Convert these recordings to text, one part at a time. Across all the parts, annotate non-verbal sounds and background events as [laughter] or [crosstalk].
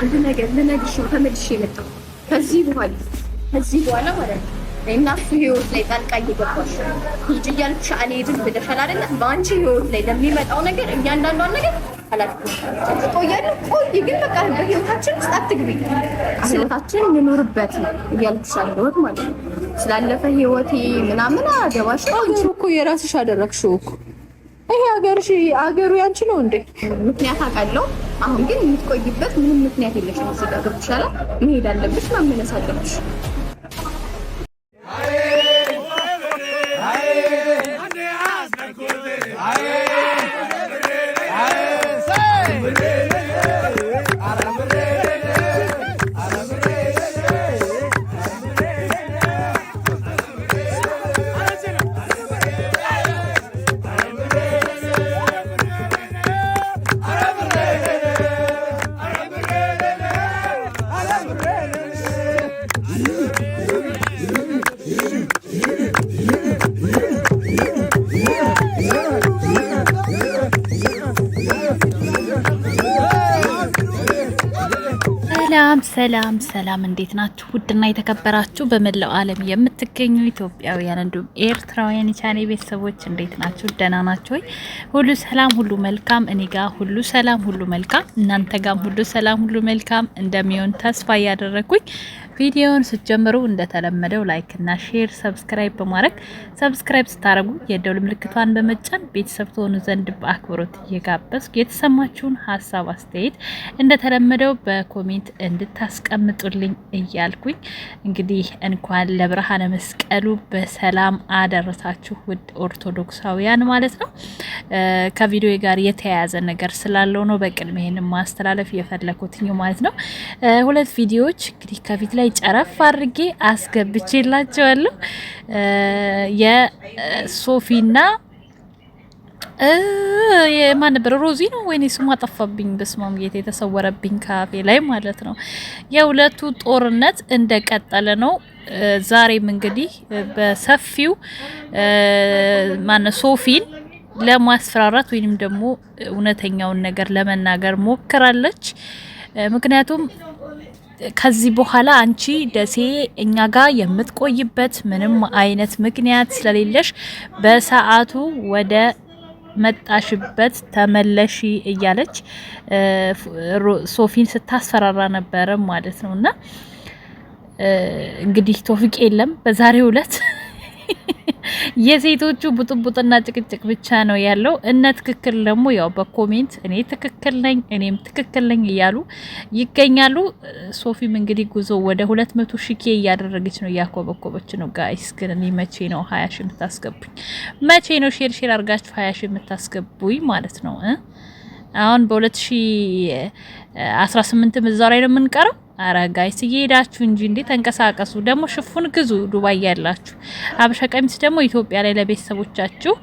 አንድ ነገር ልነግርሽ ነው ተመልሼ የመጣሁ ከዚህ በኋላ ከዚህ በኋላ ማለት ነው እና እሱ ህይወት ላይ ጣልቃ እየገባሽ ሂጅ እያልኩሽ አልሄድም ብለሻል አይደለ? በአንቺ ህይወት ላይ ለሚመጣው ነገር እያንዳንዷን ነገር ቆያለ ቆይ፣ ግን በቃ በህይወታችን ውስጥ አትግቢ፣ ህይወታችን እንኖርበት እያልኩሽ አለሁት ማለት ነው። ስላለፈ ህይወቴ ምናምን አገባሽ አንቺ እኮ የራስሽ አደረግሽው እኮ ይሄ ሀገርሽ፣ አገሩ ያንቺ ነው እንዴ? ምክንያት አውቃለሁ አሁን ግን የምትቆይበት ምንም ምክንያት የለሽም። እዚህ ጋር ገብቶሻል። መሄድ አለብሽ ማመነስ አለብሽ። ሰላም ሰላም፣ እንዴት ናችሁ? ውድና የተከበራችሁ በመላው ዓለም የምትገኙ ኢትዮጵያውያን እንዲሁም ኤርትራውያን የቻኔ ቤተሰቦች እንዴት ናችሁ? ደህና ናችሁ ወይ? ሁሉ ሰላም፣ ሁሉ መልካም። እኔ ጋር ሁሉ ሰላም፣ ሁሉ መልካም። እናንተ ጋም ሁሉ ሰላም፣ ሁሉ መልካም እንደሚሆን ተስፋ እያደረግኩኝ ቪዲዮውን ስትጀምሩ እንደተለመደው ላይክ እና ሼር፣ ሰብስክራይብ በማድረግ ሰብስክራይብ ስታደርጉ የደውል ምልክቷን በመጫን ቤተሰብ ትሆኑ ዘንድ በአክብሮት እየጋበዝኩ የተሰማችሁን ሀሳብ አስተያየት እንደተለመደው በኮሜንት እንድታስቀምጡልኝ እያልኩኝ እንግዲህ እንኳን ለብርሃነ መስቀሉ በሰላም አደረሳችሁ ውድ ኦርቶዶክሳውያን ማለት ነው። ከቪዲዮ ጋር የተያያዘ ነገር ስላለው ነው በቅድሚያ ይህን ማስተላለፍ የፈለኩትኝ ማለት ነው። ሁለት ቪዲዮዎች እንግዲህ ከፊት ላይ ላይ ጨረፍ አድርጌ አስገብቼላቸዋለሁ። የሶፊና የማን ነበር ሮዚ ነው ወይኔ ስሙ አጠፋብኝ በስማም ጌታ የተሰወረብኝ ካፌ ላይ ማለት ነው። የሁለቱ ጦርነት እንደቀጠለ ነው። ዛሬም እንግዲህ በሰፊው ማነ ሶፊን ለማስፈራራት ወይንም ደግሞ እውነተኛውን ነገር ለመናገር ሞክራለች። ምክንያቱም ከዚህ በኋላ አንቺ ደሴ እኛ ጋር የምትቆይበት ምንም አይነት ምክንያት ስለሌለሽ በሰዓቱ ወደ መጣሽበት ተመለሺ እያለች ሶፊን ስታስፈራራ ነበረ ማለት ነው። እና እንግዲህ ቶፊቅ የለም በዛሬው ዕለት [laughs] የሴቶቹ ቡጥቡጥና ጭቅጭቅ ብቻ ነው ያለው። እነ ትክክል ደግሞ ያው በኮሜንት እኔ ትክክል ነኝ እኔም ትክክል ነኝ እያሉ ይገኛሉ። ሶፊም እንግዲህ ጉዞ ወደ ሁለት መቶ ሺኬ እያደረገች ነው እያኮበኮበች ነው። ጋይስ ግን እኔ መቼ ነው ሀያ ሺ የምታስገቡኝ? መቼ ነው ሼር ሼር አድርጋችሁ ሀያ ሺ የምታስገቡኝ ማለት ነው? አሁን በሁለት ሺ አስራ እዛው ላይ ነው የምንቀረው አረ ጋይስ እየሄዳችሁ እንጂ እንዴ ተንቀሳቀሱ። ደግሞ ሽፉን ግዙ ዱባይ ያላችሁ። አበሻ ቀሚስ ደግሞ ኢትዮጵያ ላይ ለቤተሰቦቻችሁ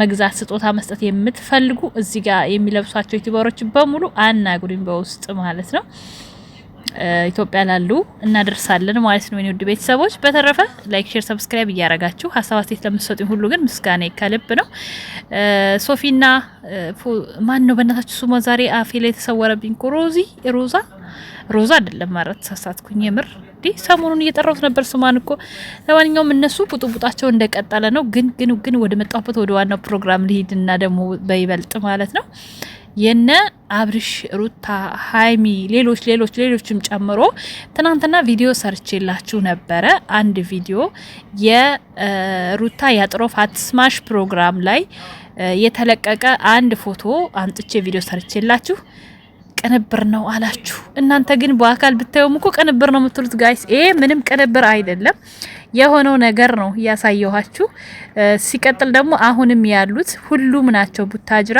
መግዛት ስጦታ መስጠት የምትፈልጉ እዚህ ጋር የሚለብሷቸው ዩቲዩበሮች በሙሉ አናግሩኝ በውስጥ ማለት ነው። ኢትዮጵያ ላሉ እናደርሳለን ማለት ነው። የኔ ውድ ቤተሰቦች በተረፈ ላይክ፣ ሼር፣ ሰብስክራይብ እያረጋችሁ ሀሳብ አስተያየት ለምትሰጡኝ ሁሉ ግን ምስጋና ከልብ ነው። ሶፊና ማን ነው በእናታችሁ ስሟ ዛሬ አፌ ላይ የተሰወረብኝ? ሮዚ ሮዛ ሮዛ አይደለም ማለት ተሳሳትኩኝ። የምር እንዲህ ሰሞኑን እየጠራሁት ነበር ስሟን እኮ። ለማንኛውም እነሱ ቡጡቡጣቸው እንደቀጠለ ነው። ግን ግን ግን ወደ መጣሁበት ወደ ዋናው ፕሮግራም ልሂድና ደግሞ በይበልጥ ማለት ነው የነ አብርሽ ሩታ፣ ሀይሚ ሌሎች ሌሎች ሌሎችም ጨምሮ ትናንትና ቪዲዮ ሰርቼላችሁ ነበረ። አንድ ቪዲዮ የሩታ የአጥሮፍ አትስማሽ ፕሮግራም ላይ የተለቀቀ አንድ ፎቶ አንጥቼ ቪዲዮ ሰርቼላችሁ ቅንብር ነው አላችሁ። እናንተ ግን በአካል ብታዩም እኮ ቅንብር ነው የምትሉት ጋይስ። ይሄ ምንም ቅንብር አይደለም፣ የሆነው ነገር ነው እያሳየኋችሁ። ሲቀጥል ደግሞ አሁንም ያሉት ሁሉም ናቸው ቡታጅራ።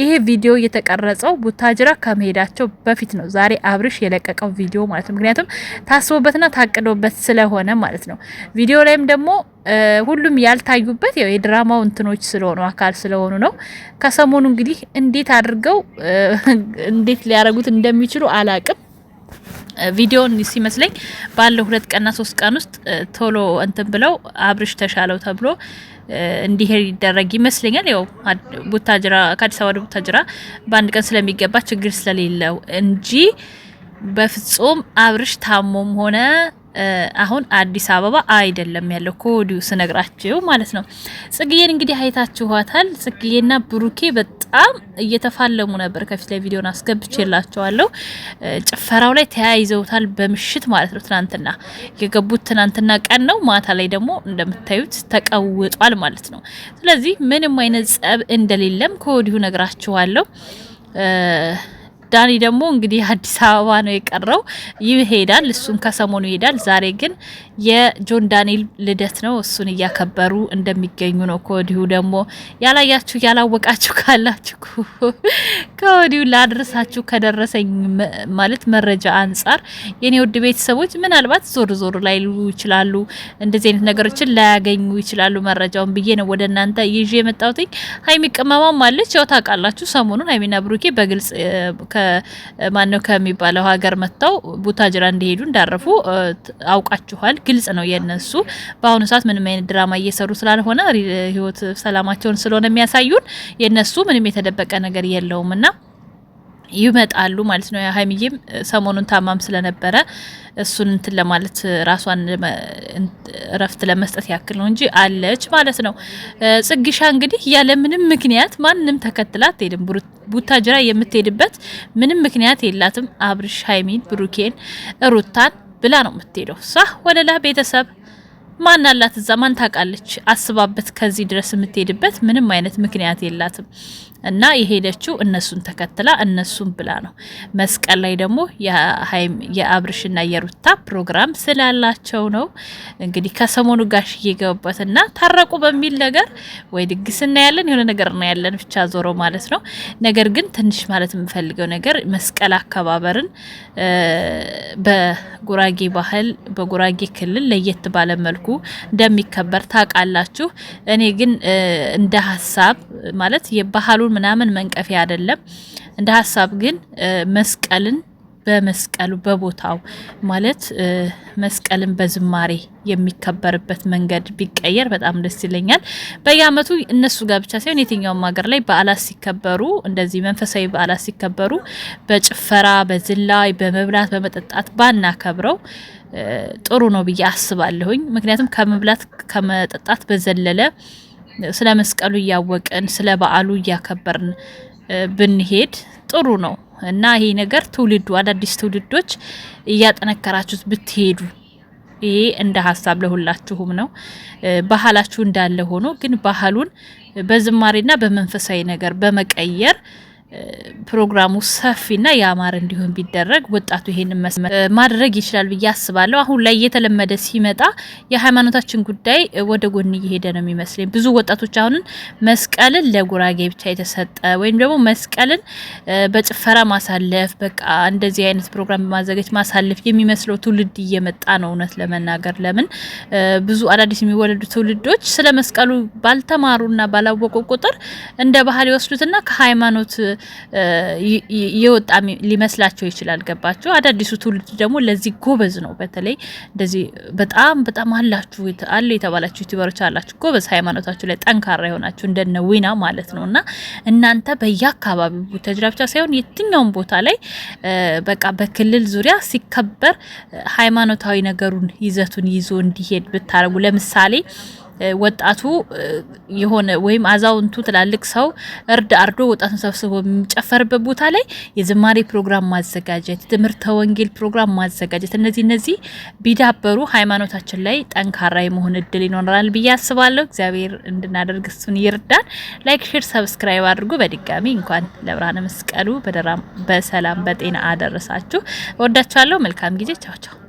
ይሄ ቪዲዮ የተቀረጸው ቡታጅራ ከመሄዳቸው በፊት ነው፣ ዛሬ አብርሽ የለቀቀው ቪዲዮ ማለት ነው። ምክንያቱም ታስቦበትና ታቅዶበት ስለሆነ ማለት ነው። ቪዲዮ ላይም ደግሞ ሁሉም ያልታዩበት ያው የድራማው እንትኖች ስለሆኑ አካል ስለሆኑ ነው። ከሰሞኑ እንግዲህ እንዴት አድርገው እንዴት ሊያደርጉት እንደሚችሉ አላቅም። ቪዲዮን ሲመስለኝ ባለው ሁለት ቀንና ሶስት ቀን ውስጥ ቶሎ እንትን ብለው አብርሽ ተሻለው ተብሎ እንዲሄድ ይደረግ ይመስለኛል። ያው ቡታጅራ ከአዲስ አበባ ወደ ቡታጅራ በአንድ ቀን ስለሚገባ ችግር ስለሌለው እንጂ በፍጹም አብርሽ ታሞም ሆነ አሁን አዲስ አበባ አይደለም ያለው ከወዲሁ ስነግራችሁ ማለት ነው። ጽግዬን እንግዲህ አይታችኋታል። ጽግዬና ብሩኬ በጣም እየተፋለሙ ነበር። ከፊት ላይ ቪዲዮን አስገብቼላችኋለሁ። ጭፈራው ላይ ተያይዘውታል በምሽት ማለት ነው። ትናንትና የገቡት ትናንትና ቀን ነው። ማታ ላይ ደግሞ እንደምታዩት ተቀውጧል ማለት ነው። ስለዚህ ምንም አይነት ጸብ እንደሌለም ከወዲሁ ነግራችኋለሁ። ዳኒ ደግሞ እንግዲህ አዲስ አበባ ነው የቀረው። ይሄዳል፣ እሱም ከሰሞኑ ይሄዳል። ዛሬ ግን የጆን ዳንኤል ልደት ነው፣ እሱን እያከበሩ እንደሚገኙ ነው። ከወዲሁ ደግሞ ያላያችሁ ያላወቃችሁ ካላችሁ ከወዲሁ ላድረሳችሁ ከደረሰኝ ማለት መረጃ አንጻር የኔ ውድ ቤተሰቦች ምናልባት ዞር ዞር ላይሉ ይችላሉ፣ እንደዚህ አይነት ነገሮችን ላያገኙ ይችላሉ መረጃውን ብዬ ነው ወደ እናንተ ይዤ የመጣሁትኝ። ሀይሚ ቅመማም አለች፣ ያው ታውቃላችሁ ሰሞኑን ሀይሚና ብሩኬ በግልጽ ከማነው ከሚባለው ሀገር መጥተው ቡታጅራ እንዲሄዱ እንዳረፉ አውቃችኋል። ግልጽ ነው የነሱ በአሁኑ ሰዓት ምንም አይነት ድራማ እየሰሩ ስላልሆነ ህይወት ሰላማቸውን ስለሆነ የሚያሳዩን የነሱ ምንም የተደበቀ ነገር የለውም እና ይመጣሉ ማለት ነው። ሀይሚዬም ሰሞኑን ታማም ስለነበረ እሱን እንትን ለማለት ራሷን እረፍት ለመስጠት ያክል ነው እንጂ አለች ማለት ነው። ጽግሻ እንግዲህ ያለ ምንም ምክንያት ማንም ተከትላ አትሄድም። ቡታጅራ የምትሄድበት ምንም ምክንያት የላትም። አብርሽ ሀይሚን፣ ብሩኬን፣ ሩታን ብላ ነው የምትሄደው። ሳ ወለላ ቤተሰብ ማን አላት እዛ? ማን ታውቃለች? አስባበት ከዚህ ድረስ የምትሄድበት ምንም አይነት ምክንያት የላትም። እና የሄደችው እነሱን ተከትላ እነሱን ብላ ነው። መስቀል ላይ ደግሞ የአብርሽና የሩታ ፕሮግራም ስላላቸው ነው። እንግዲህ ከሰሞኑ ጋሽዬ ገቡበትና ታረቁ በሚል ነገር ወይ ድግስ እናያለን የሆነ ነገር እናያለን ብቻ ዞሮ ማለት ነው። ነገር ግን ትንሽ ማለት የምፈልገው ነገር መስቀል አከባበርን በጉራጌ ባህል በጉራጌ ክልል ለየት ባለ መልኩ እንደሚከበር ታውቃላችሁ። እኔ ግን እንደ ሀሳብ ማለት የባህሉ መስቀሉን ምናምን መንቀፊያ አይደለም። እንደ ሀሳብ ግን መስቀልን በመስቀሉ በቦታው ማለት መስቀልን በዝማሬ የሚከበርበት መንገድ ቢቀየር በጣም ደስ ይለኛል። በየአመቱ እነሱ ጋር ብቻ ሳይሆን የትኛውም ሀገር ላይ በዓላት ሲከበሩ እንደዚህ መንፈሳዊ በዓላት ሲከበሩ በጭፈራ፣ በዝላይ፣ በመብላት፣ በመጠጣት ባናከብረው ጥሩ ነው ብዬ አስባለሁኝ። ምክንያቱም ከመብላት ከመጠጣት በዘለለ ስለ መስቀሉ እያወቅን ስለ በዓሉ እያከበርን ብንሄድ ጥሩ ነው እና ይሄ ነገር ትውልዱ አዳዲስ ትውልዶች እያጠነከራችሁት ብትሄዱ ይሄ እንደ ሀሳብ ለሁላችሁም ነው። ባህላችሁ እንዳለ ሆኖ ግን ባህሉን በዝማሬና በመንፈሳዊ ነገር በመቀየር ፕሮግራሙ ሰፊና የአማር እንዲሆን ቢደረግ ወጣቱ ይሄን ማድረግ ይችላል ብዬ አስባለሁ። አሁን ላይ እየተለመደ ሲመጣ የሃይማኖታችን ጉዳይ ወደ ጎን እየሄደ ነው የሚመስለኝ። ብዙ ወጣቶች አሁንን መስቀልን ለጉራጌ ብቻ የተሰጠ ወይም ደግሞ መስቀልን በጭፈራ ማሳለፍ፣ በቃ እንደዚህ አይነት ፕሮግራም በማዘጋጀት ማሳለፍ የሚመስለው ትውልድ እየመጣ ነው። እውነት ለመናገር ለምን ብዙ አዳዲስ የሚወለዱ ትውልዶች ስለ መስቀሉ ባልተማሩና ባላወቁ ቁጥር እንደ ባህል ይወስዱትና ከሃይማኖት የወጣ ሊመስላቸው ይችላል። ገባቸው። አዳዲሱ ትውልድ ደግሞ ለዚህ ጎበዝ ነው። በተለይ እንደዚህ በጣም በጣም አላችሁ አለ የተባላችሁ ዩቲዩበሮች አላችሁ ጎበዝ፣ ሃይማኖታችሁ ላይ ጠንካራ የሆናችሁ እንደነ ዊና ማለት ነው እና እናንተ በየአካባቢው ቡተጅራ ብቻ ሳይሆን የትኛውም ቦታ ላይ በቃ በክልል ዙሪያ ሲከበር ሃይማኖታዊ ነገሩን ይዘቱን ይዞ እንዲሄድ ብታደርጉ ለምሳሌ ወጣቱ የሆነ ወይም አዛውንቱ ትላልቅ ሰው እርድ አርዶ ወጣቱን ሰብስቦ የሚጨፈርበት ቦታ ላይ የዝማሬ ፕሮግራም ማዘጋጀት፣ ትምህርተ ወንጌል ፕሮግራም ማዘጋጀት፣ እነዚህ እነዚህ ቢዳበሩ ሃይማኖታችን ላይ ጠንካራ የመሆን እድል ይኖራል ብዬ አስባለሁ። እግዚአብሔር እንድናደርግ እሱን ይርዳን። ላይክ፣ ሼር፣ ሰብስክራይብ አድርጉ። በድጋሚ እንኳን ለብርሃነ መስቀሉ በሰላም በጤና አደረሳችሁ። እወዳችኋለሁ። መልካም ጊዜ። ቻው ቻው።